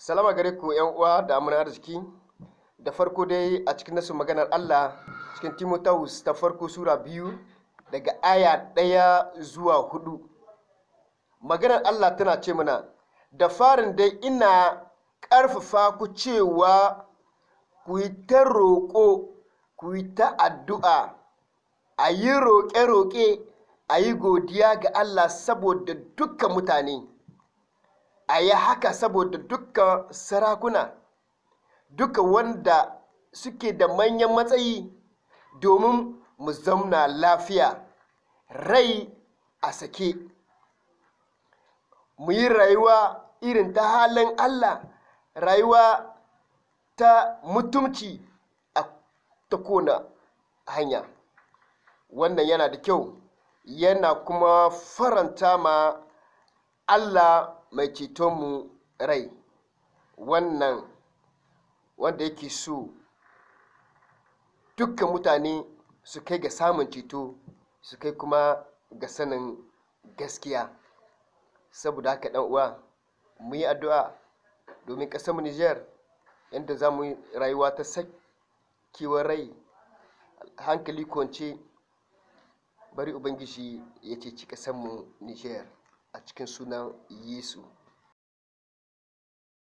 salama gare ku yan uwa da amana arziki da farko dai a cikin nasu maganar Allah cikin Timotheus ta farko sura biyu daga aya ɗaya zuwa hudu maganar Allah tana ce mana da farin dai ina ƙarfafa ku cewa ku yi ta roƙo ku yi ta addu'a a yi roƙe-roƙe a yi godiya ga Allah saboda dukkan mutane a yi haka saboda dukkan sarakuna duka wanda suke da manyan matsayi domin mu zauna lafiya rai a sake mu yi rayuwa irin ta halin allah rayuwa ta mutumci a ta kona hanya wannan yana da kyau yana kuma faranta ma allah mai cetonmu rai wannan wanda yake so dukkan mutane su kai ga samun ceto su kai kuma ga sanin gaskiya saboda haka dan uwa mu yi addu'a domin mu Nijar yadda za mu rayuwa ta sakewar rai hankali kwance bari ubangiji ya ceci mu Nijar. Atkinson é não, e isso